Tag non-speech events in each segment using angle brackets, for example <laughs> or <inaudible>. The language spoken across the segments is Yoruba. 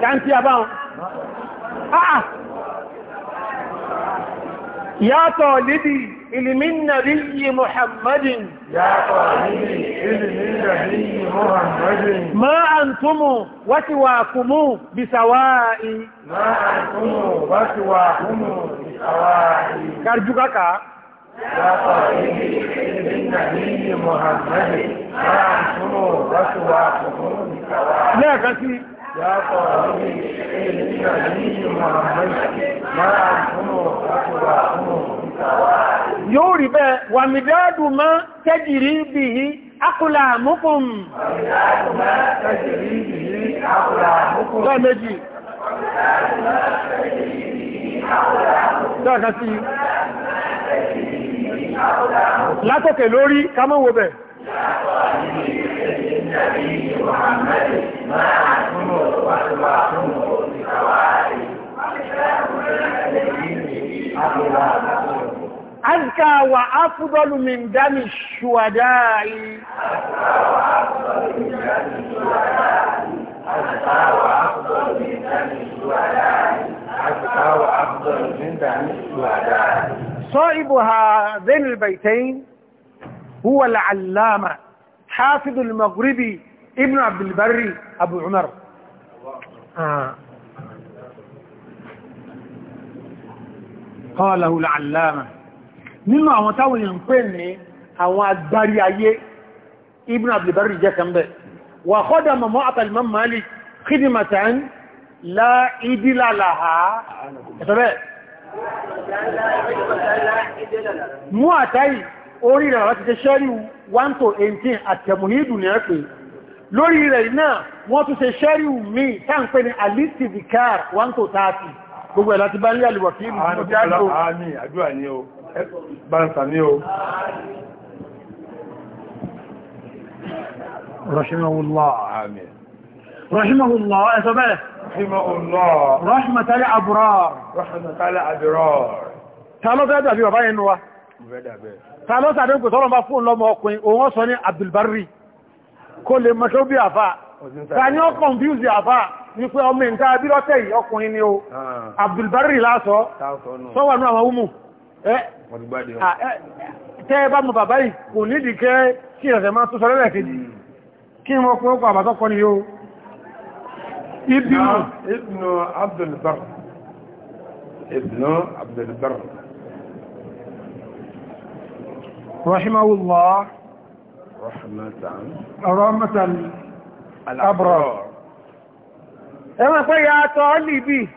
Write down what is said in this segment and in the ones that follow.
Kàntí àbáhùn. Àà! Ah, ah. Yàtọ̀ lídì ilimin nàbíyí Muhammadin. Yàtọ̀ lídì ilimin nàbíyí Muhammadin. Ma an túmù wáti wà kùmù bisawa'i. Ma an túmù wáti wà kùmù bisawa'i. Karjú kaka. لطريق النبي محمد فانصروا رسواكم لا كثير يا طريق النبي محمد فانصروا رسواكم yóò rí bẹ́ẹ̀ wà mìdádù má tẹ́jìrí bí i akùlà múkùn lẹ́ẹ̀mẹ́jì lẹ́ẹ̀kan sí i látòkè lórí kámọ́ wo bẹ̀ Azka wa afúdọ́lù min dámi ṣùwàdá yìí. Azka wa afúdọ́lù min dámi ṣùwàdá yìí. صائب هذين البيتين هو العلامة حافظ المغربي ابن عبد البر أبو عمر آه. قاله العلامة nínú àwọn táwọn èèyàn pè ní àwọn agbárí ayé ibn abdulbari jẹ́ kan bẹ̀ wà kọ́dà mọ̀mọ́ àtàlìmọ́ malik khidmatan la idilalaha ẹ̀tọ́bẹ̀ mú àtàyì orí rẹ̀ láti ṣe ṣẹ́rí 1 to 18 àtẹ̀mùhídù ní ẹ̀pẹ̀ lórí rẹ̀ náà wọ́n tún ṣe ṣẹ́rí mi táǹpẹ́ ni the car 1 to 30 gbogbo ẹ̀ láti bá ń lé àlùwà kí ní ọjọ́ àdúrà ní o báńsà ní o رحمه الله رحمه الله أسبه رحمه الله رحمة الأبرار رحمة الأبرار تعالوا بأدوا في بابا ينوى تعالوا تعالوا ترى ما فون لما أقوين ووصني عبد البري كل ما شو بيعفا tàní ó kọ̀nfúsì àfá ní pé ọmọ ìta abírọ́tẹ̀ yìí ọkùnrin ni o ah. Abdulbari lásọ sọ́wà ní àwọn umu tẹ́ bá mọ bàbá yìí kò nídìí kẹ́ kí ẹ̀sẹ̀ máa hmm. tó sọ lẹ́lẹ̀ kejì kí ابن نعم. ابن عبد البر ابن عبد البر رحمه الله رحمة رحمة الأبرار أما فيا طالبي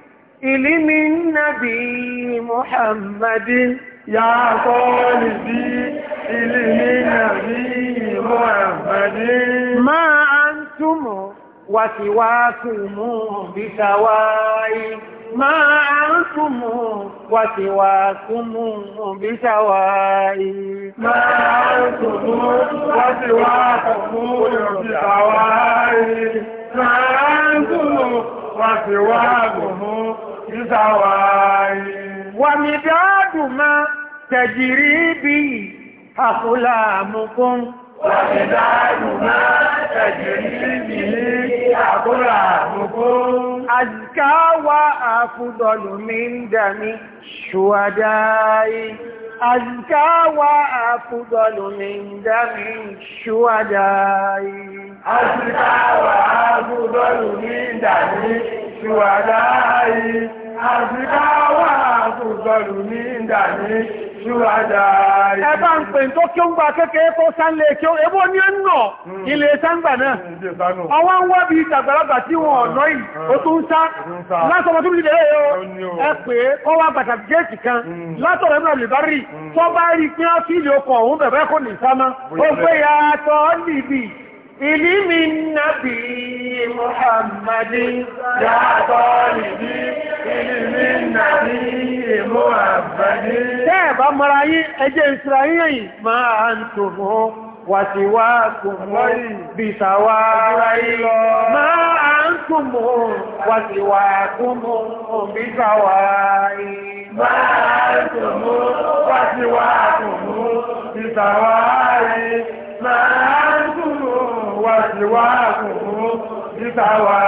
إلي من نبي محمد يا طالبي إلي من نبي محمد ما انتم وسواكم بسواء ما أنتم وسواكم بسواء ما أنتم وسواكم بسواء ما أنتم وسواكم بسواء ومداد ما تجري به أقلامكم ومداد ما تجري به أبراركم أزكى وأفضل من دم الشهداء أزكى وأفضل من دم الشهداء أزكى وأفضل من دم الشهداء أزكى وأفضل من دم الشهداء ṣúwádàá. Ẹ bá ń pè tó kí ó ń gba kékeré kó sánlé kí ó, ebó ní ń nà hmm. ilé sángbà náà. Hmm, Ọwọ́ ń wá bí ìtàgbàlagbà tí wọ́n ọ̀nà yìí, hmm. ó tún ń sá. Látọ̀mọ̀ tó bí lè yọ, ẹ pè kọ́ wá إلي من نبي محمد يا طالبي إلي من نبي محمد تابع مرايي أجي إسرائيل ما أنتم وسواكم بسواء ما أنتم وسواكم بسواء ما أنتم وسواكم بسواء ما أنتم wá àkùnkùn títà wà.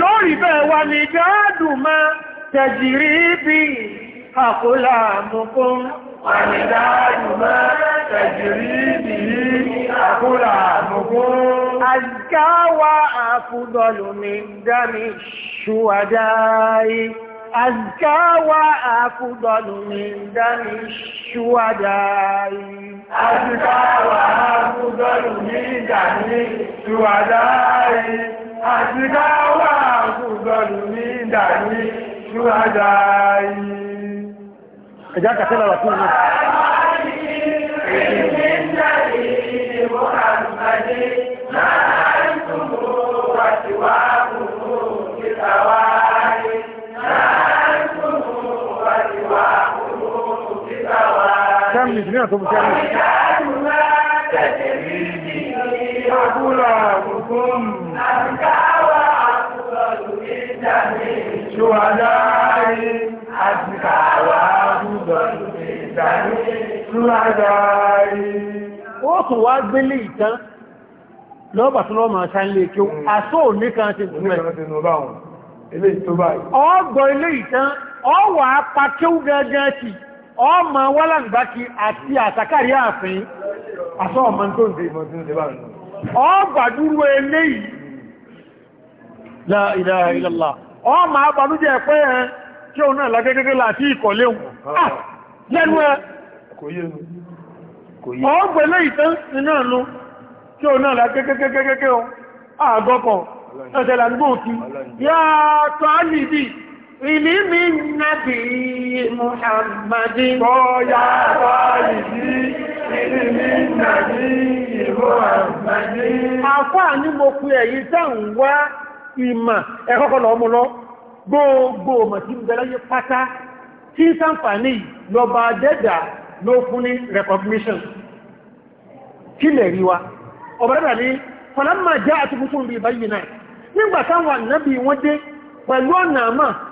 Yóò rí bẹ́ẹ̀ wà ní dáàdùn máa tẹ̀jìrí bí àkólà àmúkún. Wà ní dáàdùn máa tẹ̀jìrí bí àkólà àmúkún. Àjíkáwà àfúdọ̀lùmí dámi ṣùwàdáyé. أزكى وأفضل من دم الشهداء أزكى وأفضل من دم الشهداء أزكى وأفضل من دم الشهداء أجاك سيدة رسول الله محمد tó fi sẹ́yìn. Ṣúwádáyé àti kàwá àdúgbò ìdáyé. Ṣúwádáyé. Ó tún wá gbélé ìtàn lọ́bà tó lọ́mà ṣáńlé kí ó hmm. àṣó ní kan ti gúnmẹ̀. Ọgbọ̀ ilé ìtàn, ọwà pàtíw gẹ́gẹ́ sí. ọmọ wọ́làgbákí àti àtàkàrí ààfin àṣọ́ ọmọ tó ń dé ìmọ̀dún ìdẹ́bà rẹ̀ ọgbàdúrú eléyìí náà ilaha illallah ọmọ abànújẹ́ pé ẹ tí ó náà lágẹ́gẹ́gẹ́ láti ìkọ̀lé wọn ìlímí nàbí Muhammadi bóyá báyìí sí ìlímí nàbí Muhammadi. Àfáà ní mo fi èyí tẹ́ ń wá ìmà ẹ̀kọ́kọ́ lọ lọ gbogbo ọmọ tí pátá tí lọba dẹ́dà ló fún ní recognition kí lè rí wa ní jẹ́ àtúkútù bí náà nígbà táwọn wọ́n dé pẹ̀lú ọ̀nà àmà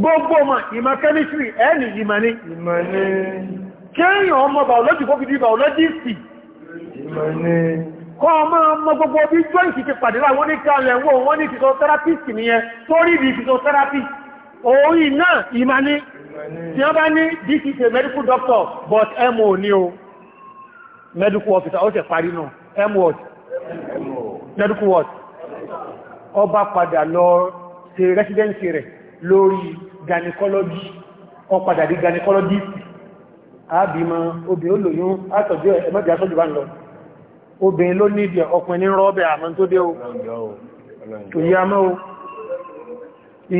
gbogbo ma ìmọ̀ chemistry ẹni imani ni kéèyàn ọmọ biology kó fi di biologist kọ́ ọmọ ọmọ gbogbo bí joint ti pàdé láwọn ní kalẹ̀ wọ́n wọ́n ní physiotherapist nìyẹn torí di physiotherapist orí náà imani tí wọ́n bá ní this is a medical doctor but mo ní o medical officer ó tẹ̀ parí náà mo medical what ọba padà lọ ṣe residency rẹ̀ lórí gynecology wọ́n padà di gynecologist àbímọ obìnrin olóyún àtọ̀jú ẹ̀mọ́jà sọ́jú bá ń lọ obìnrin ló ní ìdíẹ̀ ọkùnrin ní rọ́ọ̀bẹ̀ àmọ́ tó dé o tó yí o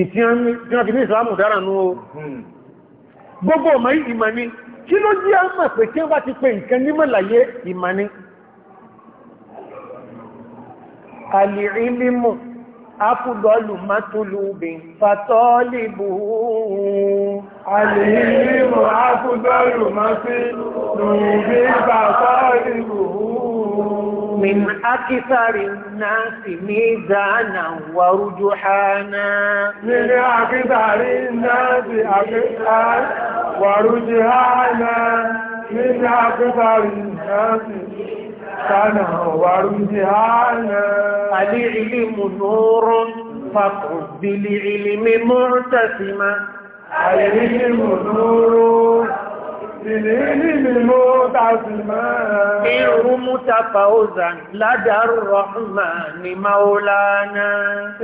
ìtí wọ́n fi ní ìsìlámù dára nú o gbogbo ọmọ ìmọ̀ ni kí ló jí àmà pé kí wọ́n bá ti pé nǹkan nímọ̀láyé ìmọ̀ ni alìrílímù أفضل مطلوب فطالبه عليم أفضل مطلوب فطالبه من أكثر الناس ميزانا ورجحانا من أكثر الناس أكثر ورجحانا من أكثر الناس كان ورجهانا العلم نور فاقف بالعلم معتسما العلم نور بالعلم معتسما ارم تفوزا لدى الرحمن مولانا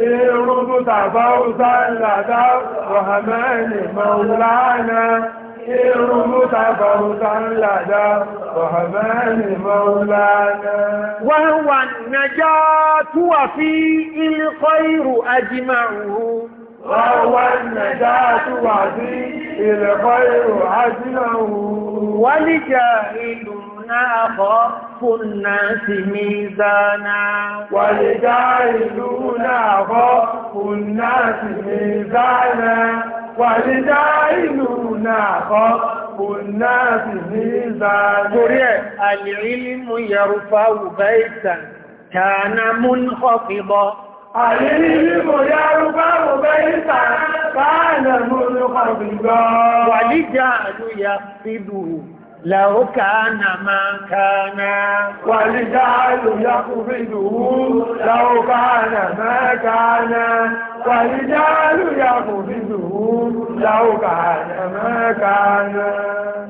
ارم تفوزا لدى الرحمن مولانا لدى مولانا وهو النجاة وفي الخير أجمعه وهو النجاة وفي الخير أجمعه ولجاهل خف الناس ميزانا ولجاهلون خف الناس ميزانا والدائنون خطب الناس ميزان torí ẹ̀ العلم يرفع بيتا كان منخفضا العلم يرفع بيتا كان منخفضا والجهل يخفضه لو كان ما كان والجعل يقبضه لو كان ما كان والجعل يقبضه لو كان ما كان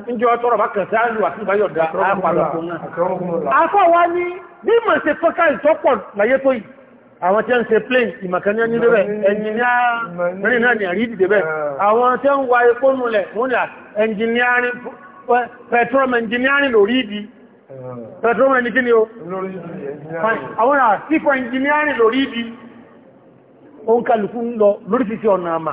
Ìjọ tọrọ bá kàn sí àlù àti ìbáyọ̀ dá àpàlọ́kùn náà. Afọ́ wa ní bí mọ̀ ṣe fọ́ká ìtọ́pọ̀ láyé tó yìí, àwọn tí ó ń ṣe plane ìmọ̀kaní ẹni lóbẹ̀, ẹnjìnìá mẹ́rin náà ni àrí ìdìdẹ̀ bẹ́ẹ̀. Àwọn tí ó ń wa epo nulẹ̀, wọ́n ni petrol engineering lórí ìdí eh. petrol ẹni kí ni ó àwọn àsífọ̀ engineering lórí ìdí ó ń kàlùkù ń lọ lórí títí ọ̀nà àmà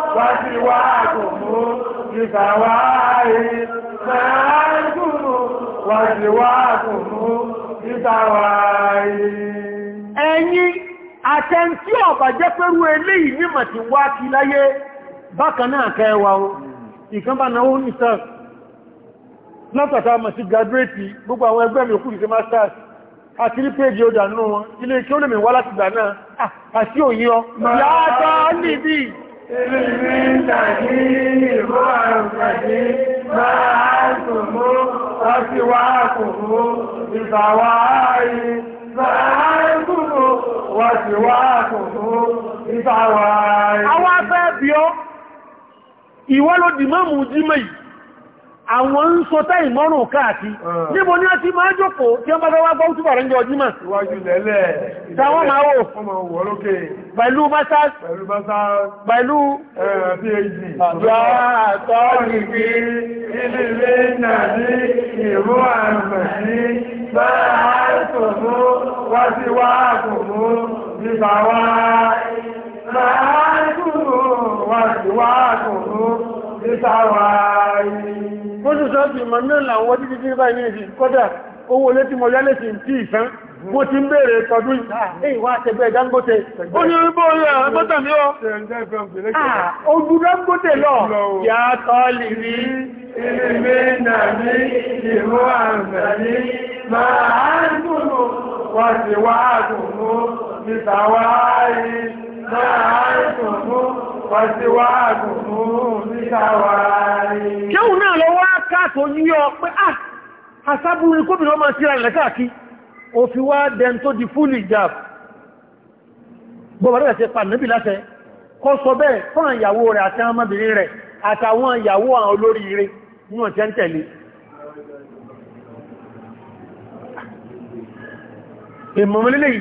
wá sí wá àgùnmú ìgbà wá rí máa ń dùnú wá sí wá àgùnmú ìgbà wá rí. ẹ̀yin àtẹ̀ntí ọ̀bà jẹ́ pẹ̀lú eléyìí mímọ̀ tí wá kí láyé bákan náà kẹwàá o ìkánbà náwó ní sars látàtà mọ̀ sí graduate gbogbo àwọn ẹgbẹ́ mi òkúrù sí masters àti ní péjì ọjà nínú wọn ilé kí ó lè mẹ́wàá láti gbà náà ah, àti òyìn ọ yàtọ̀ من تهين الهوى القديم فأنتم وسواكم بفوائد فأنتم وسواكم بفوائد. Àwọn afẹ́ bí ọ́, ìwọ ló dì mọ́mù jímẹ̀ yìí àwọn ń so tẹ́ ìmọ́rùn káàkì ah. níbo ní a ti máa jòkó tí ó máa wá gbọ́n túbọ̀ rẹ̀ jọ jímọ̀ ìwájú lẹ́lẹ̀ ìtàwọn máa wò pẹ̀lú masters pẹ̀lú phd àtọ́ nìgbé ilé náà ní ìrú àmì bá àtòmú wá sí wá àkùnmú nípa wá bá àtòmú wá sí wá àkùnmú nípa wá yìí bó sì sọ́ọ̀tì ìmọ̀ mẹ́rin làwọn wọ́n títí nípa ìní ìsìn kọ́dà owó olé tí mo yálé sí tí ìsán mo ti ń béèrè tọdún ah, ìwà wọ́n ti wá dùnú níta wáyé máa ń Kéhùn náà lọ wá káàtò ní ọ pé à, ah, àsábúrí kóbìnrin ọmọ síra rẹ̀ káàkí, ó fi wá dẹn tó di fúlì ìjàb. Gbọ́bàrẹ́ ẹ̀sẹ̀ pà níbi láṣẹ, kọ́ sọ bẹ́ẹ̀ fún ìyàwó rẹ̀ àti ọmọbìnrin rẹ̀ àtàwọn ìyàwó àwọn olórí rẹ̀ níwọ̀n tẹ́ ń tẹ̀lé. Ìmọ̀mọ̀lélẹ̀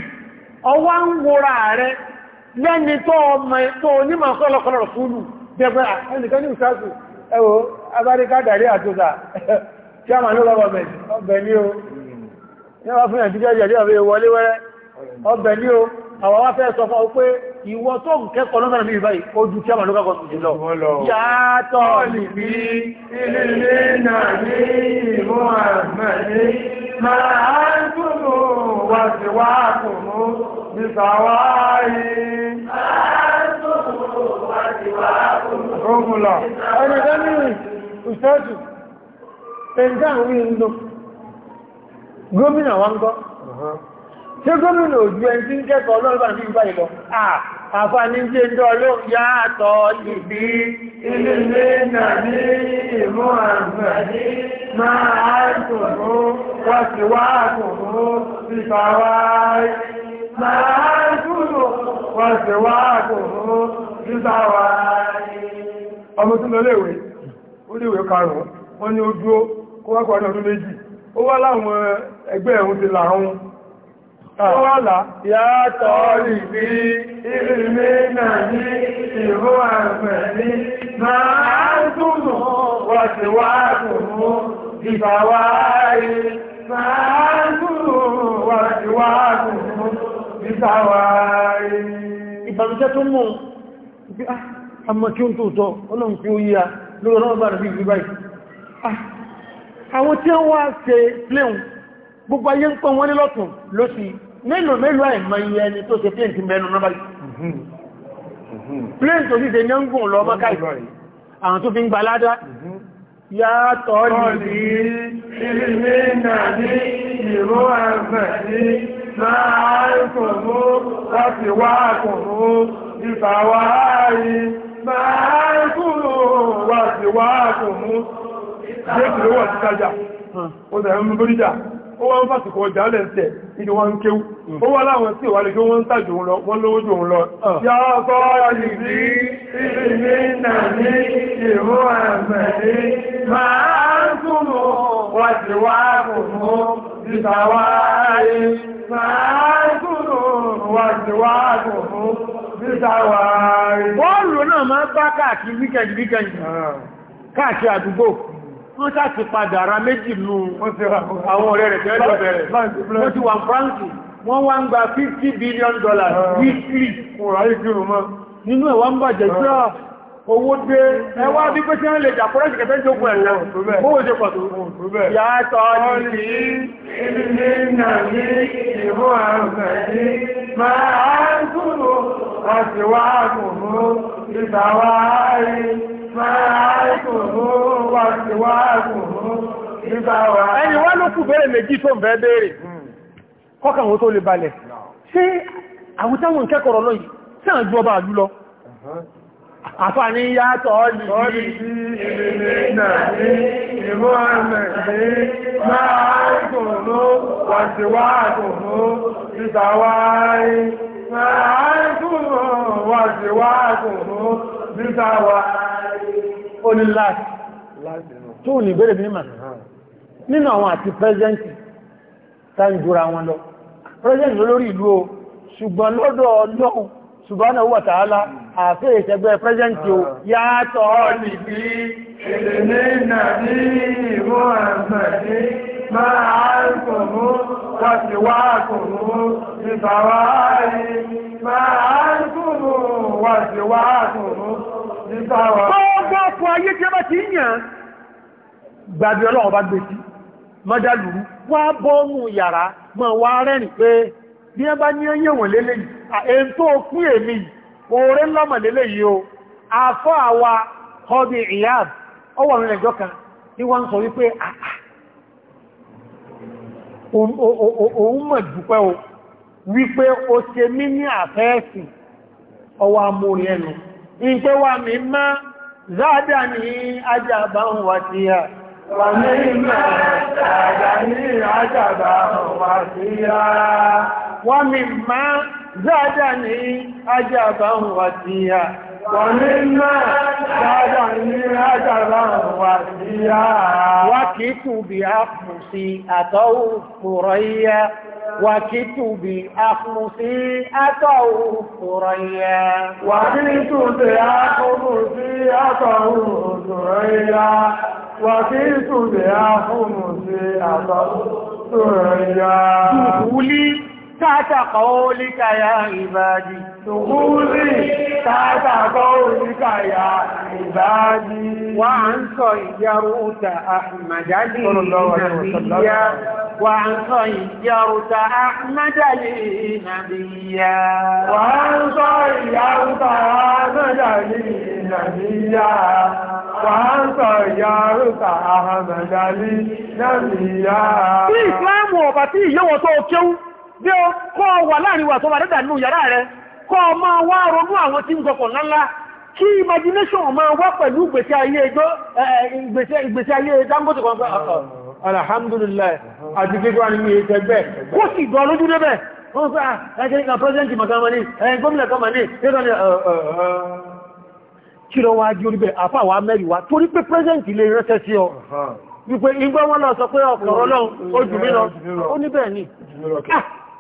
ọwá ń wòrà rẹ̀ lẹ́ni tó ọmọ tó onímọ̀ kọ́lọ̀kọ́lọ̀ fúlù jẹgbẹ́ ah, ẹnìkan ní ìsáàsù ẹwọ abáríká dàrí àtúsà <laughs> tí a máa ló lọ́wọ́ ọbẹ̀ ní o àwọn wá fẹ́ sọ fún ọ pé ìwọ tó ń kẹ́kọ̀ọ́ lọ́nà ní ìbáyìí ojú tí a mà lókàkọ̀ sí lọ yàtọ̀ lìbí ilé náà ní ìmú àmàlé máa ń túnmù wà ní sàwárí gómìnà wá ń gọ́ ṣé gómìnà òjú ẹni tí ń kẹ́kọ̀ọ́ ọlọ́run ní ìgbà ìlọ àfàní jẹ́ ń dọ́ ló yàtọ̀ ìbí ilé nàbí ìmú àgbàdí máa tòrò wàtíwá tòrò ìfàwà máa tòrò wàtíwá tòrò ìfàwà ọmọ tí lọ léèwé ó léèwé karùn-ún wọ́n ní ó Wọ́lá yàtọ̀ ìbí ìrìnlé náà ní ìró àgbẹ̀ ní máa ń túnmù wàtíwàkùnmù ìbàwárí. Máa ń túnmù wàtíwàkùnmù ìbàwárí. Ìbàmìjẹ́ tó mú ah, àmà kí ó tó tọ́, ọlọ́run kí ó yíya lórí ọlọ́run bá rẹ̀ bí ìgbìbáyìí. Ah, àwọn tí wọ́n wá ṣe pléun, gbogbo ayé ń pọ̀ wọ́n ní lọ́tún lóṣìí mélòó mélòó àìmọ iye ẹni tó ṣe pléǹtì mẹ́nu náà báyìí pléǹtì tó sì ṣe ní ń gùn lọ mọ́ká àwọn tó fi ń gba ládá yàtọ̀ ní ilé ní ìró àgbẹ̀ ní máa ń kùn mú láti wá kùn mú ìbàwárí máa ń kùn mú láti wá kùn mú ìdí wọ́n ń kéwú hmm. ó wá láwọn tí ìwà lè kí wọ́n ń tàjò lọ wọ́n lówó jù lọ yà sọ́rọ̀ ìdí ìrìnlẹ̀ náà ní ìrú àmẹ́lẹ́ máa ń túnmọ̀ wọ́n ti wá máa ń túnmọ̀ wọ́n ti wá kò mú náà máa bá káàkiri wíkẹ̀ndì wíkẹ̀ndì hmm. káàkiri àdúgbò wọ́n sáàtì padà ara méjì nù àwọn ọ̀rẹ́ rẹ̀ tẹ́lẹ̀ bẹ̀rẹ̀ wọ́n ti wà fáǹkì wọ́n gba 50 billion dollars ah. weekly nínú ẹ̀wà ń bàjẹ́ jẹ́ ah. owó dé ẹwà bí pé tí wọ́n lè jàpọ̀rọ̀ sí kẹfẹ́ ẹni wá ló kù bẹ̀rẹ̀ méjì tó ń bẹ́ bẹ̀rẹ̀ hmm. kọ́kà wọn tó lè balẹ̀ ṣé àwútáwọn kẹ́kọ̀ọ́ lọ yìí tí à ń ju ọba àlú lọ àfàní yàtọ̀ lè sí ìrìnlẹ̀ náà ní ìmọ̀ àmẹ̀ sí máa ń kòrò wàtíwá kòrò ìtàwárí máa ń kòrò wàtíwá kòrò ìtàwárí ó ní láti tó ní ìbẹ̀rẹ̀ mímọ̀ nínú àwọn àti pẹ́sẹ̀ntì tánjúra wọn lọ pẹ́sẹ̀ntì lórí ìlú o ṣùgbọ́n lọ́dọ̀ ọlọ́run subhanahu wa ta'ala àfẹ́ ìṣẹ́gbẹ́ pẹ́sẹ̀ntì o yàtọ̀ nìbí èdè nàbí ìwọ̀n àmàdé máa ń kò mú wọ́n ti wá kò mú Gbogbo ọkọ̀ ayé tí a bá ti ń yàn gbàbí ọlọ́run bá gbé sí, bọ́ọ̀mù yàrá, mọ́ wá rẹ́rìn pé bí ẹ ní ẹyẹ wọ̀n lélẹ̀ èyí tó kún ìpé wa mi má záàdà ní ajábá ń wà sí à wà ní ìmọ̀ záàdà ní ajábá ń wà sí à wà mi má záàdà ní ajábá ń wà sí à wà ní ìmọ̀ záàdà ní ajábá ń wà sí à wà kìí kù bí àtọ́wò kùrọ̀ yíyá وكتبي أخمسي أتوه ثريا وكتبي أخمسي أتوه ثريا وكتبي أخمسي أتوه ثريا تحت قولك يا عبادي دخولي تحت قولك يا عبادي وعن صيرت أحمد لنبيا وعن صيرت أحمد لنبيا وعن صيرت أحمد لنبيا وعن صيرت أحمد لنبيا Bí ìsìláàmù ọ̀bà tí ìyẹ́wọ̀ tó kéwú bí ó kọ́ wà láàrin wà tó wà dẹ́dà nínú yàrá rẹ kọ́ ọmọ wá ronú àwọn tí ń gọkọ̀ ńlá kí imagination ọmọ wá pẹ̀lú ìgbésí ayé Dangote kan pẹ́ alhamdulillah àti gbígbà ní ìtẹgbẹ́ kó sì dọ̀ lójú débẹ̀ wọ́n fẹ́ ah, ẹgbẹ́gbẹ́ president makamani ẹ̀yìn gómìnà kamani kí lọ wá jí orí bẹ̀ àfàwà mẹ́rin wá torí pé president lè rẹ́sẹ̀ sí ọ wípé igbọ́ wọn lọ sọ pé ọkọ̀ ọlọ́run ó jù mí lọ ó níbẹ̀ ni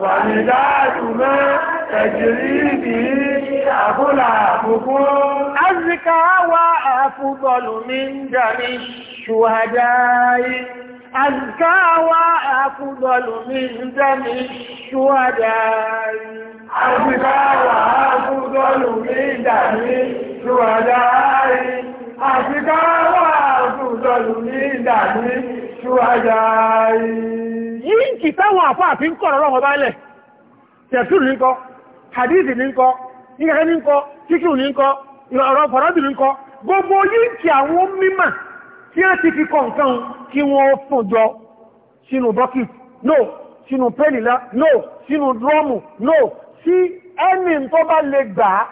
wàmìdáàdùmọ́ ẹ̀jìrí bí àbúlà àbúkú. Azìká wá àfúbọ̀lù mi ń jàrí ṣùhàdáyé. wa wá àfúbọ̀lù mi ń jàrí ṣùhàdáyé. Azìká wá àfúbọ̀lù mi ń jàrí ṣùhàdáyé. Azìká wá àfúbọ̀lù mi ń jàrí ṣùhàdáyé ṣúwájáì. Yìí ń kì táwọn àfáàfí ń kọ̀rọ̀ ọlọ́run ọba lẹ̀. Tẹ̀sùn ní kọ́, Hadithi ní kọ́, Ìkẹ́kẹ́ ní kọ́, Kíkìrù ní kọ́, Ìrọ̀rọ̀ Fọ̀rọ̀dì ní kọ́. Gbogbo yìí kì àwọn mímà tí a ti fi kọ̀ nǹkan kí wọ́n fún jọ sínú bọ́kì. No, sínú pẹ́nìlá. No, sínú drọ́mù. No, sí ẹni tó bá lè gbà á.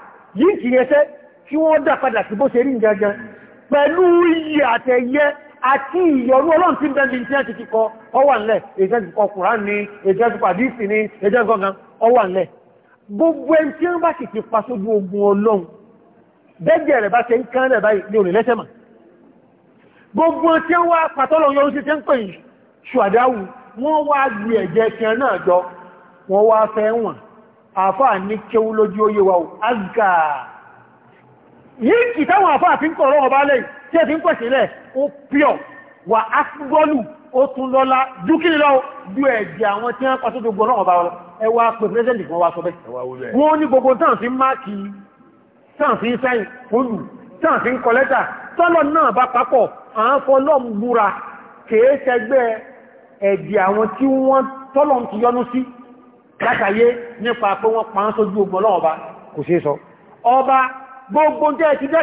Yìí kì yẹn sẹ́ kí àti ìyọrú ọlọ́run tí bẹ́ẹ̀ ní tí ti kọ ọwà ńlẹ̀ èjẹ́ ti kọ kùrán ní èjẹ́ ti pàdísì ní èjẹ́ gọ́gán ọwà ńlẹ̀ gbogbo ẹni tí wọ́n bá sì ti pasójú ogun ọlọ́run bẹ́gbẹ̀ rẹ̀ bá ṣe ń kán rẹ̀ báyìí ní òrìn lẹ́sẹ̀ mà gbogbo tí wọ́n wá pàtọ́lọ̀ yọrù sí ti ń pè ṣùàdáwù wọ́n wá gbé ẹ̀jẹ̀ ti náà jọ wọ́n wá fẹ́ wọ̀n àfáà ní kéwú lójú oyé wa ò tí ẹ fi ń pẹ̀sẹ̀ lẹ̀ ó pure wà á gbọ́lù ó tún lọ́lá ju kí lọ ju ẹ̀jẹ̀ àwọn tí wọ́n pa sójú gbọ́n náà bá wọn ẹ wá pé pírẹ́sẹ̀ntì kan wá sọ bẹ́ẹ̀. wọ́n ní gbogbo tán fi máàkì tán fi sáyìn olù tán fi ń kọ lẹ́tà tọ́lọ̀ náà bá papọ̀ à ń fọlọ́ ń búra kèé sẹgbẹ́ ẹ̀jẹ̀ àwọn tí wọ́n tọ́lọ̀ ń ti yọnu sí látàyé nípa pé wọ́n pa á sójú gbọ́n náà ọba kò ṣeé sọ. ọba gbogbo ń ti dá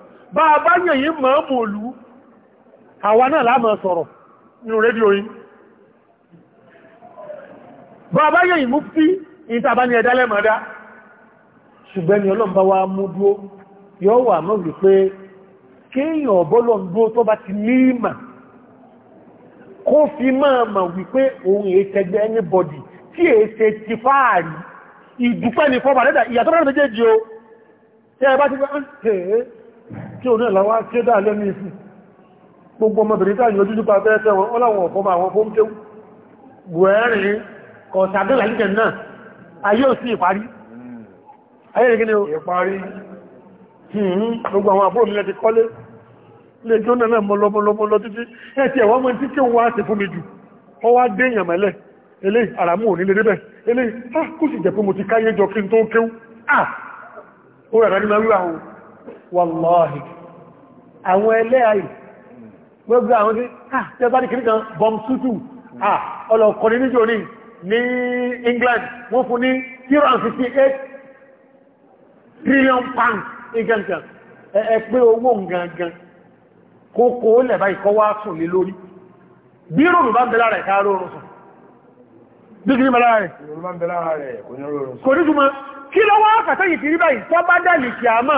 bá a bá yẹ̀yí mọ̀ọ́mù òlú àwa náà láàmọ̀ sọ̀rọ̀ nínú rédíò yìí bá a bá yẹ̀yí mú sí ìtàbá ní ẹ̀dá lẹ́mọ̀dá ṣùgbẹ́ ni wa mú dúó yọ́ wà mọ́ wípé kéèyàn ọ̀bọ́lọ̀ dúó tó bá ti níìmà kó fi máa mà wípé òun ètẹgbẹ́ anybody tí èsẹ ti fáàrí ìdúpẹ́ ni fọ́bà lẹ́dà ìyàtọ̀ tí ò náà láwá kédà lẹ́nu ìsì gbogbo ọmọbìnrin tàà yóò dúdú pàtẹ́ ẹ̀tẹ́ wọn láwọn ọ̀fọ́mọ àwọn fóúnkéw buhari kọ̀ọ̀sàdọ́là ní jẹ̀nà ayé ò sí ìparí ayé rẹ̀ gínú ìparí hmm, gbogbo àwọn àbúrò nílẹ̀ ti kọ́lé lè jọ náà mọ́ lọ́mọ́lọ́mọ́ títí ẹ̀tì ẹ̀wọ́n mọ́ tí kí wọ́n á sì fún mi jù ọ wá dé èèyàn mẹ́lẹ̀ eléyìí àràmù ò nílé débẹ̀ eléyìí ah, kó sì jẹ́ ah ó rẹ̀ rẹ̀ wàlọ́ọ̀hì àwọn ẹlẹ́àì gbogbo àwọn tí tí ó bá ní kìrí kan bọm sútù ọlọ́kọ̀ni níjò ní ní England wọ́n fún ní 258 trillion pounds igankan ẹgbẹ́ owó ngangan kókó lẹ̀bá ikọ́ wá sùn lé lórí bí rọrùn bá ń bẹ̀lára ẹ̀ká rọrùn sùn bí kìí bẹ̀lára rẹ̀ kò kí lọ wá kàtẹ́yìn kìí báyìí tọ́ dà lè kìí àmà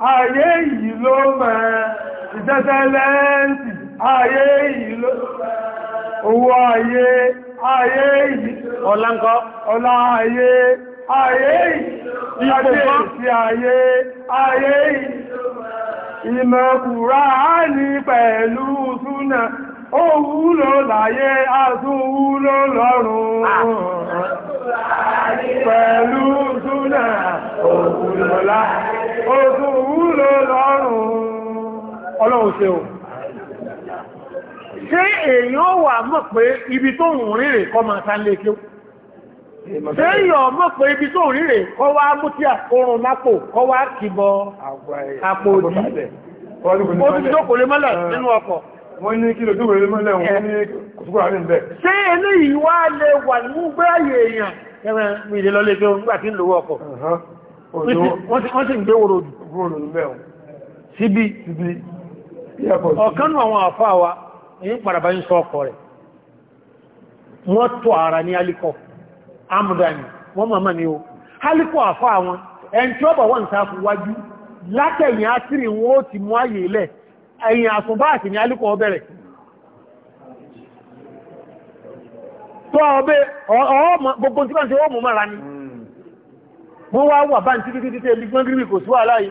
ayé yìí ló mọ̀ ìsẹ́sẹ́lẹ́ǹsì ayé yìí ló owó ayé ayé yìí ọ̀láńkọ́ ayé ayé yìí àti ayé ayé yìí ìmọ̀kùrá ní pẹ̀lú súnà ó láyé àtún ah. pẹ̀lú súnà láyé lé lọ́rùn ọlọ́run ṣe o ṣé èèyàn wà mọ̀ pé ibi tó ń rírè kọ́ máa ta lé kí ó ṣé èèyàn mọ̀ pé ibi tó ń rírè kọ́ wá mú tí àkórun lápò kọ́ wá kìbọ àpò òdì ó ti jókòó lé mọ́lẹ̀ nínú ọkọ̀ wọ́n ní kí lò tó wèrè mọ́lẹ̀ wọ́n ní kòtùkú àárín bẹ̀. ṣé eléyìí wá lè wà ní gbé ààyè èèyàn gbé wòrò jù góòlù mẹ́wọ̀n síbí àwọn àfáàwà èyí padàbá ń sọ ọkọ̀ rẹ̀ wọ́n tó ara ní alíkọ̀ amúdání wọ́n ni o alíkọ̀ àfáà wọn ẹn tí ó bọ̀ wọ́n ta fún wájú látẹ̀yìn wọn ó ti mú ayè ilẹ̀ ẹ̀yìn hmm. ní ọbẹ̀rẹ̀ tó ọbẹ̀ ti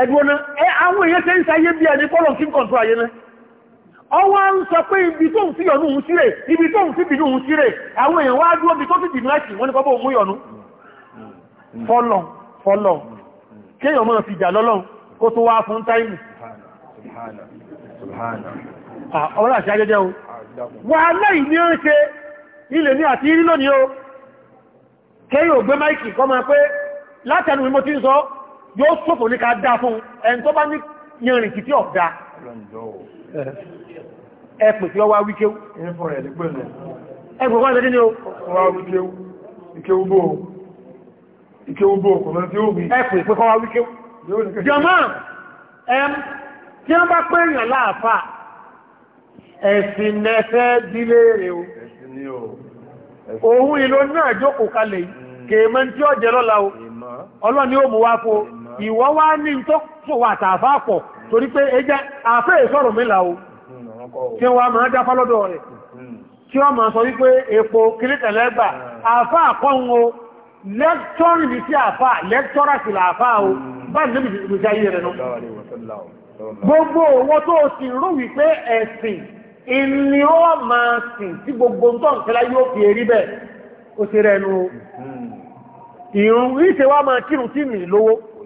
ẹ̀dùnà ẹ àwọn èyẹ́ tẹ́ ń sáyé bí ẹni pọ́lọ̀ kí kọ̀ntọ́ ayé náà ọwọ́ ń sọ pé ibi tó ń fi yọ̀nú òun síre ibi tó ń fi bínú òun síre àwọn èèyàn wá dúró bí tó ti bínú ẹ̀sìn wọ́n ni kọ́bọ̀ òun yọ̀nú fọ́lọ̀ fọ́lọ̀ kéèyàn mo ti ń sọ yóò ṣòfò ní ká dá fún ẹn tó bá ní yanrìn kì tí ọ̀dá ẹ pè tí ó wá wíkéwú ẹgbẹ̀rún ẹgbẹ̀rún ni ó wá wíkéwú ìkéwú bó ìkéwú bó kò mẹ́ tí ó wí ẹ pè pé kọ́ wá wíkéwú jọmọ́ ẹm tí wọ́n bá pé èèyàn láàfà ẹ̀sìn nẹ́fẹ́ dílé rẹ̀ o òun ìlò náà jókòó kalẹ̀ mm. kèèmẹ́ tí ó jẹ lọ́la o ọlọ́ni ó mú wá fún ìwọ wá ní tó wà tààfà pọ̀ torí pé ẹjẹ́ àfẹ́ ìsọ̀rọ̀ mẹ́lá o kí wọ́n máa dáfá lọ́dọ̀ rẹ̀ kí wọ́n máa sọ wípé epo kìrìtẹ̀lẹ́gbà àfà àkọ́hun o lẹ́kítọ́rì ní sí àfà lẹ́kítọ́rà sí làfà o bá níbi ìgbésí ayé rẹ̀ náà gbogbo owó tó ti rú wípé ẹ̀sìn ìní ó máa sìn tí gbogbo ń tọ́ nǹkan láyé ó fi èrí bẹ́ẹ̀ ó ti rẹ̀ nu ìrùn ìṣèwà máa kírun tí mi lówó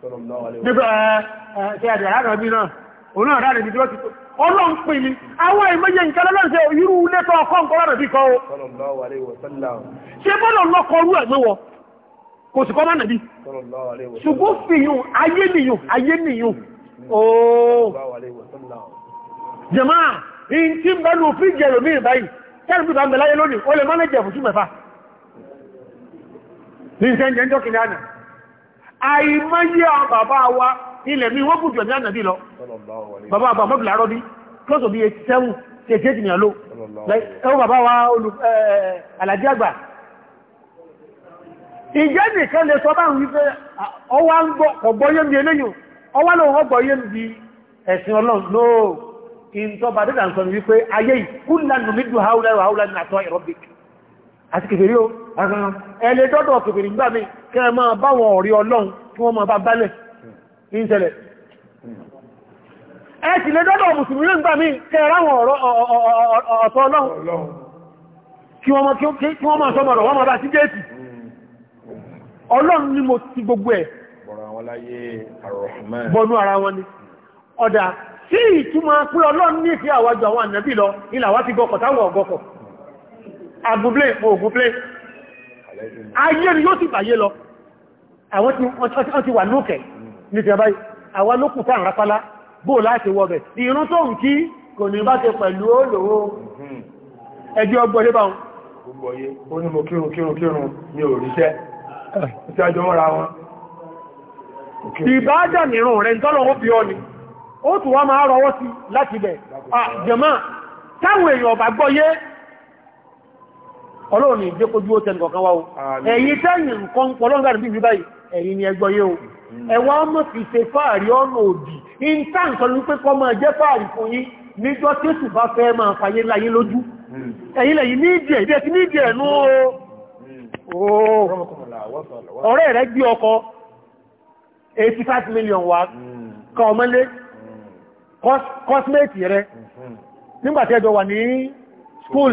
nípa ṣe àdìyà lára bí náà òun náà rárẹ̀ bí tí ọlọ́n pè ní àwọn ìmọ́yẹ nǹkan lọ́lọ́sẹ̀ irú lẹ́tọ́ ọkọ̀ nǹkan rárẹ̀ bí kọ́ o ṣe bọ́lọ̀ lọ́kọ̀ orú ẹ̀gbẹ́wọ̀ kò sì kọ́ mọ́ nàbí ṣùgbọ́n fi yùn ayé nìyùn ayé nìyùn ooo jẹ́mà in tí ń bẹ́lú fíjì ẹ̀rọ ní ìbáyìí kẹ́rù bí bá ń bẹ láyé lónìí ó lè mọ́nẹ́jẹ̀ fún sí mẹ́fà ní ìṣẹ́ ìjẹ́ ìjọ́kìnrin àná àìmọye àwọn bàbá wa ilẹ̀ mi wọ́n kùn jù ànàbí lọ bàbá àbá mọ́bì làárọ̀ close of the eight seven ló ẹwọ́ bàbá wa alàjí àgbà ìjẹ́ nìkan lè sọ ọwá ń gbọ́ mi eléyìn ọwá mi bí ẹ̀sìn ọlọ́run lóò ìntọba dídà ń sọ wípé ayé ìkúlànà mídù kẹ́ ẹ máa báwọn ọ̀rẹ́ ọlọ́run kí wọ́n máa bá bálẹ̀ ní ẹ lè dọ́dọ̀ mùsùlùmí lè gbà mí kẹ́ ráwọn ọ̀tọ̀ ọlọ́run kí wọ́n máa sọmọ̀rọ̀ wọ́n máa bá sí ọlọ́run ni gbogbo ẹ̀ ayé ni yóò sì bàyé lọ àwọn tí wà lókẹ̀ ní ti àbáyé àwọn lókù tàà rápálá bó láti wọ́bẹ̀ ìrún tó ń kí kò ní bá ṣe pẹ̀lú olówó ẹjọ́ ọgbọ̀lé bá ìbádà mìíràn rẹ̀ tọ́lọ̀wọ́ bí ọ ni ó tún wá máa rọwọ́ sí láti bẹ̀ àjẹ̀má táwọn èèyàn ọ̀bà gbọ́yé ọlọ́run ìgbékojú ó tẹnu kọ̀kan wá o ẹ̀yìn tẹ́yìn nǹkan pọ̀lọ́gbà níbi ìbí báyìí ẹ̀yìn ni ẹgbọ́ yóò mm-hmm. ẹwà ọmọ fi ṣe fáàrí ọ̀nà òdì ìntà nǹkan ní pé kọ́ máa jẹ́ fáàrí fún yín níjọ́ tí èsù bá fẹ́ máa fàyé láyé lójú mm-hmm. mm-hmm. million wa kan ọmọlé cosmate rẹ̀ nígbàtí ẹjọ wà ní school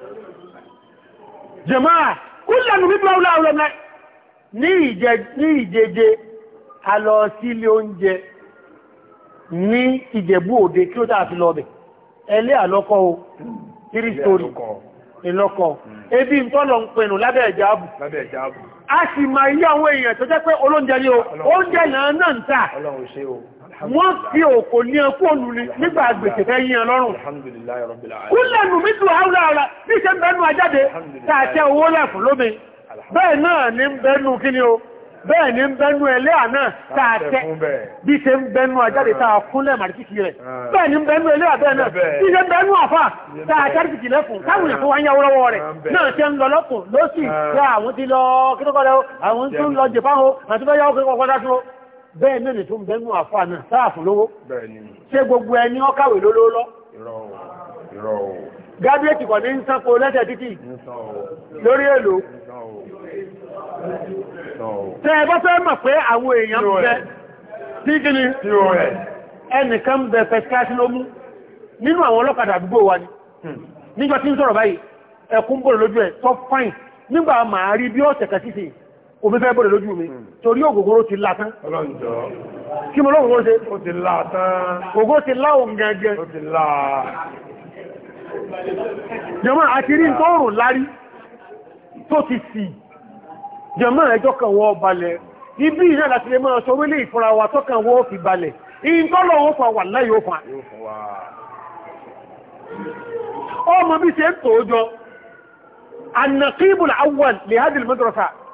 jẹ̀máà kúlẹ̀nù bíbí ọlọ́ ọlọ́ mẹ́ ní ìjẹjẹ a oúnjẹ ní ìjẹ̀bú òde kí ó dáa fi lọ́bẹ̀ ẹlẹ́ àlọ́kọ́ o three story ìlọ́kọ́ hmm. ebi ń tọ́lọ ń lábẹ́ a sì máa ilé àwọn èèyàn tó jẹ́ pé o oúnjẹ náà náà ń tà wọ́n fi òkò ní ẹkú olùlé nígbà agbèsè fẹ́ yíyan lọ́rùn kúlẹ̀nù mítù àúlára ní ṣe ń bẹnu ajáde tààtẹ owó lẹ́fún lómi bẹ́ẹ̀ náà ní ń bẹnu kí ni o bẹ́ẹ̀ ní ń bẹnu ẹlẹ́ àná tààtẹ bí ṣe ń bẹnu ajáde tàà kúnlẹ̀ màríkìkì rẹ̀ bẹ́ẹ̀ ní ń bẹnu ẹlẹ́ àbẹ́ẹ̀ náà bí ṣe ń bẹ́ẹ̀ náà ni tó ń bẹ́nu àfà náà sáàfù lówó ṣe gbogbo ẹni ó kàwé lóló lọ. gádùétì kọ̀ ní ń sanko lẹ́sẹ̀ títì lórí èlò. tẹ ẹ bá fẹ́ mọ̀ pé àwọn èèyàn bẹ tí kí ni ẹnìkan bẹ fẹsikasi ló mú nínú àwọn ọlọ́kadà àdúgbò wa ni hmm. níjọ tí ń sọ̀rọ̀ báyìí ẹkún bọ̀rọ̀ lójú ẹ̀ tọ́ fáìn nígbà máa rí bí ọ̀sẹ̀ kẹsíṣe omi fẹ́ bọ́rẹ̀ lójú mi hmm. torí ògógóró ti látán kí mo lọ́wọ́ ògógóró ṣe ó ti látán ògógóró ti láhùn gẹ́gẹ́ ó ti láà jọmọ́ àti rí tọ́rùn lárí tó ti sì jọmọ́ ẹjọ́ kan wọ́ balẹ̀ ibi ìrìn àti lè máa sọ orílẹ̀ ìfúnra wa tó kan wọ́ fi balẹ̀ ìntọ́lọ̀ ó fa wà láyé ó fa ọmọ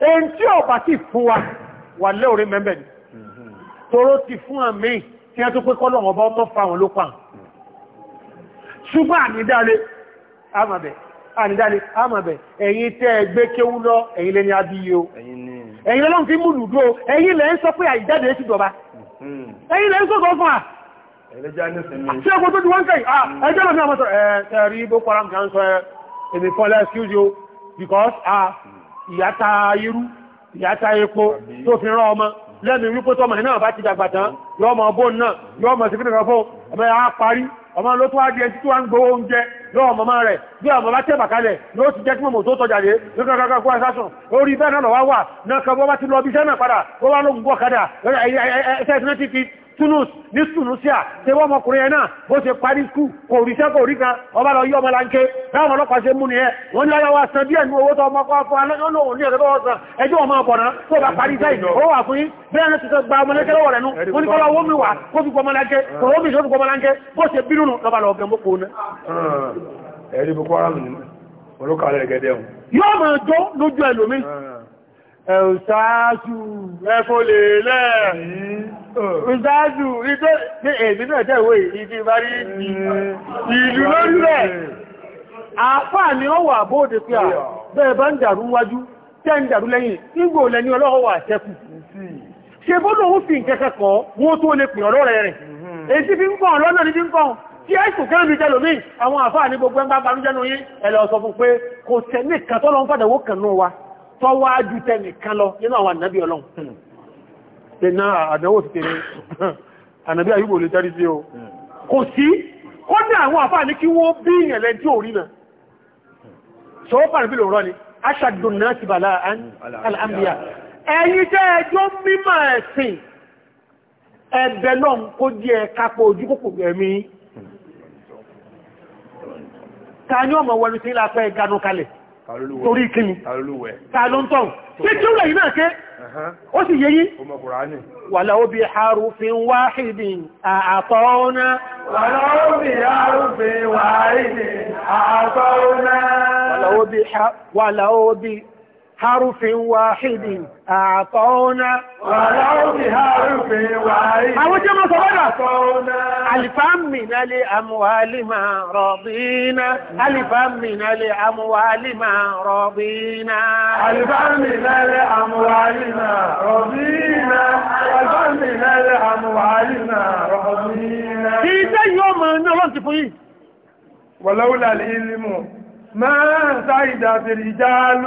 èyí tí ò bá ti fún wa wà lẹ́ orí mẹ́mẹ́ ni tóró ti fún àmì tí wọ́n tó pé kọ́lọ̀ ọba ọmọ fa àwọn ló pa ṣùgbọ́n ànídáre àmàbẹ̀ ànídáre àmàbẹ̀ ẹ̀yin tẹ́ ẹgbẹ́ kéwú lọ ẹ̀yin lẹ́ni abíyẹ o ẹ̀yin lọ́n fi múlù dúró ẹ̀yin lẹ́ excuse you because ah ìyáta irú ìyáta epo tó fi rán ọmọ lẹ́nu wípé tọ́mọ̀ náà bá ti dàgbà tán yọ́mọ̀ bóun náà yọ́mọ̀ sí fídíkà fún ọmọ ya parí ọmọ ló tó wá di ẹni tó wá ń gbowó oúnjẹ lọ́wọ́ mọ̀mọ́ rẹ̀ bí ọmọ bá tẹ́bà kalẹ̀ ni ti jẹ́ kí mọ̀mọ̀ tó tọ́jà lé lókàkàkà kó orí bẹ́ẹ̀ náà lọ wá wà náà kan bọ́ bá ti lọ bí iṣẹ́ náà padà ó wá lóògùn gbọ́ ẹ̀ẹ́sẹ̀ tunus ní tunisia tí wọ́n mọ̀kùnrin ẹ̀ náà bó ṣe parí skú kò ríṣẹ́ kò ríka ọba lọ yí ọmọ láńké láwọn ọlọ́pàá ṣe mú ní ẹ wọ́n ní ayáwá san díẹ̀ ní owó tó ọmọ kọ́ fún alẹ́yọ́nà ní ẹ̀rọ ọ̀sán ẹjọ́ ọmọ ọ̀bọ̀nà tó bá parí sáì ó wà fún yí bẹ́ẹ̀ ní ṣiṣẹ́ gba ọmọ lẹ́kẹ́ lọ́wọ́ rẹ̀ nú wọ́n ní kọ́lá owó mi ẹ̀ùsáájú ẹfólèlẹ́ hmm. ẹ̀ùsáájú ibẹ́ èmì náà tẹ́wọ́ ìdí bá rí hmm. ìlú lórí rẹ̀ hmm. àáfàá ni ó wà bóòdé pé à bẹ́ẹ̀ bá ń dàrú wájú tẹ́ ń dàrú lẹ́yìn nígbò lẹ́ni ọlọ́wà tẹ́kù ṣe bọ́dọ̀ ó fi ìkẹ́kẹ́kọ́ wó tó lè pè ọ̀rọ̀ rẹ̀ rẹ̀ èsì fi ń kọ́ ọ̀rọ̀ náà ní fi ń kọ́ tí ẹ̀sùn kẹ́rin bí tẹ́lòmí àwọn àfáà ní gbogbo ẹgbà banújẹ́nu yí ẹ̀lẹ́ ọ̀sọ̀ fún pé kò tẹ́ ní ń fàdàwó kànú wa tọ́wájú tẹnìkan lọ nínú àwọn ànábí ọlọ́run tẹ̀nà àdánwò ti tẹ̀rẹ ànábí àyíkò lè járí sí o kò sí kó ní àwọn àfáà ní kí wọ́n bí ìyẹ̀lẹ̀ tí ò rí náà sọ pàrí bí lòrọ́ ni aṣàdùnà ti bàlá al'ambiya ẹ̀yí jẹ́ ẹjọ́ mímọ̀ ẹ̀sìn ẹ̀bẹ̀ lọ́n kó jẹ́ kápọ̀ ojú kòkò ẹ̀mí ta ni ọmọ wọlú sí ilá fẹ́ ìganu kalẹ̀ torí kíni ta ló ń tọ̀ ṣé kí ó lẹ́yìn náà ké ó sì yẹyí wàlá ó bí harufin wáhìdì àtọ́ọ́ná wàlá ó bí حرف واحد أعطونا ولو بحرف واحد أوجه ما من الأموال ما رضينا ألفا من الأموال ما رضينا ألفا من الأموال ما رضينا ألفا من الأموال ما رضينا في يوم نرد فيه ولولا العلم ما سعد في الرجال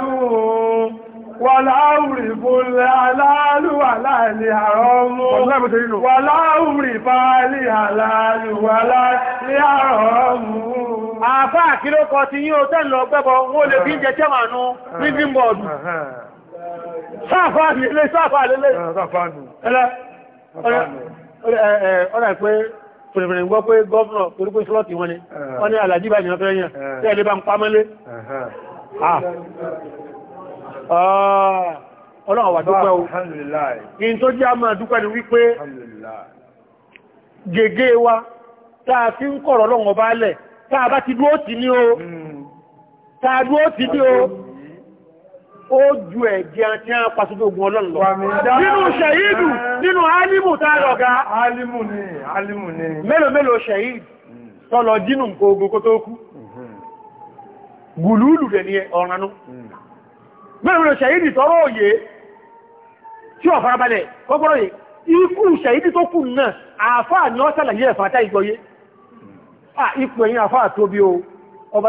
والعورف الحلال ولا الحرام والعورف الحلال ولا الحرام lè pẹ̀lẹ̀pẹ̀lẹ̀ ń gbọ́ pé gọ́ọ̀nà orúkú ìṣọ́lọ́tì wọn ni eh. wọ́n ní alàjíbà ìyàn fẹ́ yàn eh. tí ẹ̀lẹ́ bá ń pamọ́lé eh. ah. ah. ọlọ́wà dúpẹ́ dúpẹ́ ni wípé gègé wa táa fi ń kọ̀rọ̀ lọ́wọ́ bá lẹ̀ táa bá ti dúó ti ní o hmm. o ó ju ẹ̀jẹ́ tí a pàṣójú ogun ọlọ́run lọ. Nínú ṣẹ̀yìdù, nínú alimu tààrà ọ̀gá. Alimu ni, alimu ni. Mélòó mélòó ṣẹ̀yìdù, hmm. tọ́lọ jínú nǹkan ogun kó tó kú. Hmm. Gùlúùlù rẹ̀ ni ọ̀ranú. Hmm. Mélòó mélòó ṣẹ̀yìdù tọ́rọ òye tí ó farabalẹ̀ kọ́gbọ́rọ̀ yìí. Ikú ṣẹ̀yìdù tó kù náà, àáfàá ni ó sàlàyé ẹ̀fà tá ìjọyé. À ipò ẹ̀yìn o, ọba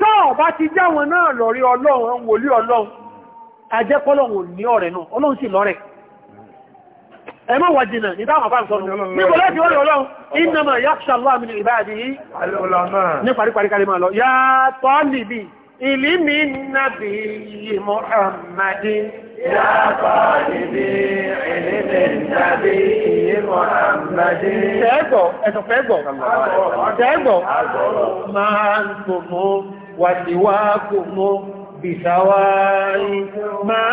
tọ́ bá ti já wọn náà lọ́rí ọlọ́run wòlí ọlọ́run ajẹ́kọ́lọ́run ní ọ̀rẹ́ náà ọlọ́run sì lọ́rẹ̀ ẹmọ wàjìnà ní táwọn bá ń sọ́nà nígbò láti wọ́n ọlọ́run innama yakhsha Allah min ibadihi ní paríparí kalẹ̀ máa lọ ya talibi ilmi nabi Muhammadin ya talibi ilmi nabi Muhammadin tẹ́gbọ̀ ẹ̀sọ̀fẹ́gbọ̀ tẹ́gbọ̀ máa ń gbogbo وسواكم بسواء ما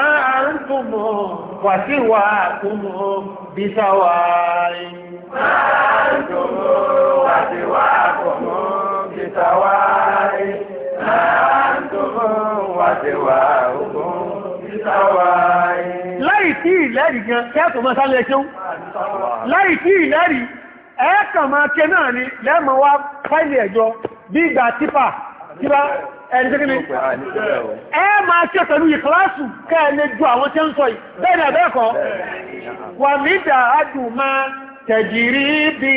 أنتم وسواكم بسواء ما أنتم وسواكم بسواء ما أنتم وسواكم بسواء láì tí ìlẹ́rìí gan kẹ́ẹ̀tọ̀ máa sálẹ̀ ṣeun láì tí ìlẹ́rìí ẹ̀ẹ́kàn máa kẹ náà ni lẹ́mọ̀ wá fáìlì ẹ̀jọ bí ìgbà típà tí bá ẹni tí kíni ẹ máa ké pẹ̀lú ìkíláàsù kẹ́ẹ̀lẹ́ ju àwọn tí ń sọ yìí bẹ́ẹ̀ ni àbẹ́ẹ̀kọ́ wà mí dà á dùn máa tẹ̀jìrí bí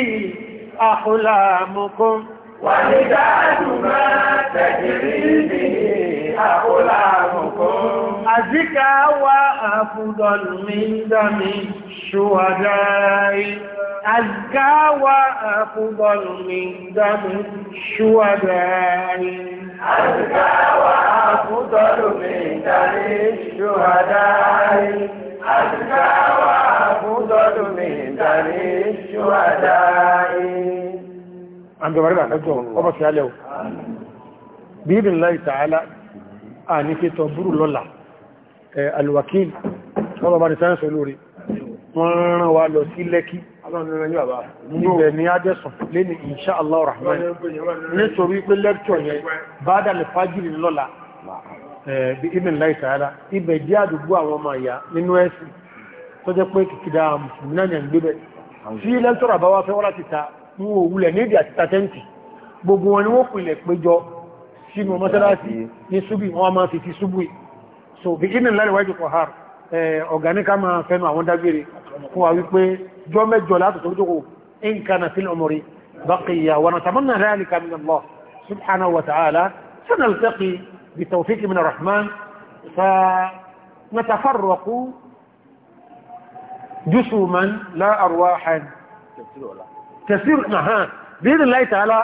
àkùlà mọ́kún wà mí dà á dùn máa tẹ̀jìrí bí أقلامكم أزكى وأفضل من دم الشهداء أزكى وأفضل من دم الشهداء أزكى وأفضل من دم الشهداء أزكى وأفضل من دم الشهداء عند مريض عن أجل الله وبس عليه بإذن الله تعالى a ní fi tọ búrú lọ́la alwakil ọlọ́bà ní sáyẹ́nsì olóri wọ́n rán wa lọ sí lẹ́kí níbẹ̀ ní adẹ́sùn lé ní insha Allah rahman nítorí pé lẹ́kṣọ̀ yẹn bá dàlẹ̀ fájìlì lọ́la bí ibn láì tààrà ibẹ̀ jẹ́ àdúgbò àwọn ọmọ ìyá nínú ẹ̀sìn tó jẹ́ pé kìkìdá mùsùlùmí náà yẹn gbé bẹ̀ sí lẹ́kṣọ̀ àbáwá fẹ́ wọ́n láti ta wọn ò wulẹ̀ nídìí àti ta tẹ́ǹtì gbogbo wọn ni wọ́n pìlẹ̀ péjọ شنو مثلا في نسبي هو ما في في سبوي سو بإذن الله لو يجوا قهار أوغاني كما فينا وندا غيري هو ويكو جومة جولات تقولوا إن كان في الأمور بقية ونتمنى ذلك من الله سبحانه وتعالى سنلتقي بالتوفيق من الرحمن فنتفرق جسوما لا أرواحا تسير نهان بإذن الله تعالى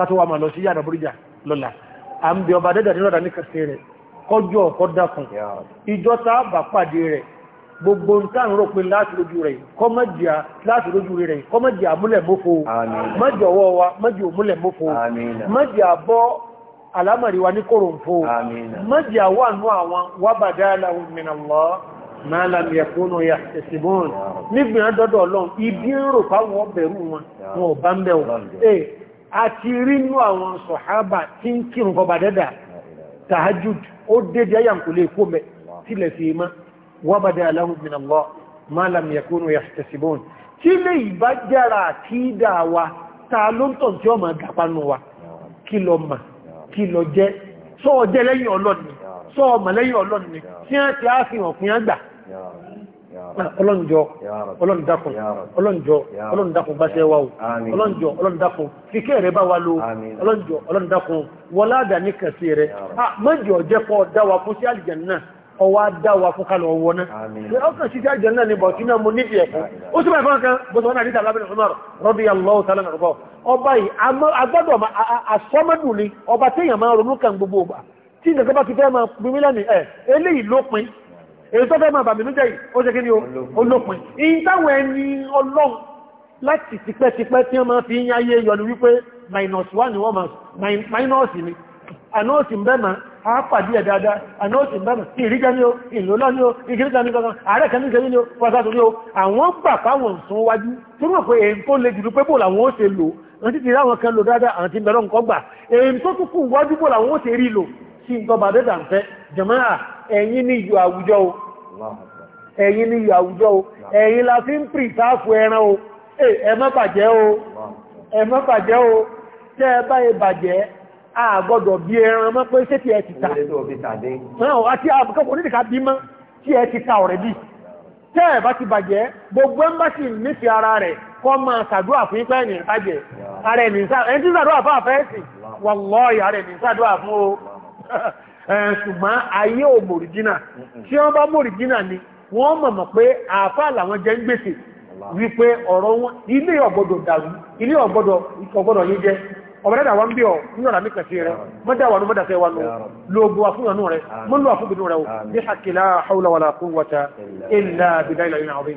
kátó wa máa lọ sí yàrá burújà lọ́la à ń bẹ ọba dẹ́dà nínú ọ̀dà ní kẹsẹ̀ rẹ̀ kọjú ọ̀kọ́ dákun ìjọ tá bá pàdé rẹ̀ gbogbo ń tàn rò pé láti lójú rẹ̀ kọ́mọ̀dìá láti lójú rẹ̀ kọ́mọ̀dìá múlẹ̀ mófo mọ́jì ọwọ́ wa mọ́jì òmúlẹ̀ mófo mọ́jì àbọ́ alámọ̀rí wa ní kòròǹfò mọ́jì ya ẹ̀sìbọ́n nígbìyàn dọ́dọ̀ ọlọ́run ibi ń rò fáwọn ọbẹ̀rú wọn wọn ò bá ń bẹ̀ wọn àti rínú àwọn sọ̀hábà tí ń kírùn fọba dẹ́dà tahajjud ó dédé ayà kò lè kó mẹ́ sílẹ̀ fi ma wọ́n bá dẹ́ aláhùn min Allah ma lam yakunu yahtasibun tí lè ìbá jára àkídà wa ta ló ń tàn tí ó máa wa kí lọ mà kí lọ jẹ́ sọ́ọ̀jẹ́ lẹ́yìn ọlọ́ni sọ́ọ̀mà lẹ́yìn ọlọ́ni tí wọ́n ti á fi hàn fún yán gbà ọlọ́njọ́ ọlọ́ndakùn ọlọ́njọ́ ọlọ́ndakùn gbáṣẹ́ wa o ọlọ́njọ́ ọlọ́ndakùn fìkẹ́ rẹ̀ bá wa lo ọlọ́njọ́ ọlọ́ndakùn wọlá àdáni kẹsí rẹ̀ ah, mọ́jọ́ jẹ́ kọ́ dáwà fún sí àlìjànnà ọwá dáwà fún kálọ̀ ọwọ́ náà ọkàn sí àlìjànnà ni bọ̀tí náà mo níbi ẹ̀kọ́ ó sì bá ìfọ́n kan bọ́sọ̀ wọn àdídà lábẹ́rẹ̀ ọmọ rọ́bì yàlọ́ sálẹ̀ nàrọ̀bọ̀ ọba yìí agbọ́dọ̀ asọ́mọ́dù ni ọba téèyàn máa ronú kan gbogbo ọba tí èyí tó fẹ́ máa bàmì ló jẹ́ yìí ó jẹ́ kí ni olópin in táwọn ẹni ọlọ́run láti tipẹ́tipẹ́ tí wọ́n máa fi ń yáyé yọnu wípé minus one ni wọ́n máa minus ni anọ́ọ̀sì ń bẹ́mà àápàdé ẹ̀ dáadáa anọ́ọ̀sì ń bẹ́mà ìrígẹ́ ni ó ìlólọ́ ni ó ìgírígẹ́ ni kankan ààrẹ kan ní ìṣẹ́yí ni ó pàtàkì ni ó àwọn gbà káwọn sún wájú tí wọ́n pé èyí tó le jùlọ pé ẹ̀yin ni iyọ̀ àwùjọ o ẹ̀yin ni iyọ̀ àwùjọ o ẹ̀yin la fi ń pìrìsáàfù ẹran o ẹ o o tẹ́ ẹ bàjẹ́ a bí ẹran mọ́ pé ṣé tí ẹ ti ta àti àbùkọ́pọ̀ onídìíká bí mọ́ tí ẹ ti ta ọ̀rẹ́ bí tẹ́ ẹ bá ti bàjẹ́ gbogbo ẹ̀ ara kọ́ máa ṣàdúrà fún ipẹ́ ẹ̀nì ìtajẹ̀ ara fún àfẹ́ẹ̀sì <laughs> ṣùgbọ́n ayé ò mòrìjínà tí wọ́n bá mòrìjínà ni wọ́n mọ̀mọ̀ pé àáfà làwọn jẹ́ ń gbèsè wípé ọ̀rọ̀ wọn ilé ọ̀gbọ́dọ̀ dàrú ilé ọ̀gbọ́dọ̀ yí jẹ́ ọ̀bẹ̀rẹ́dà bí ọ mí kẹsí ní mọ́dá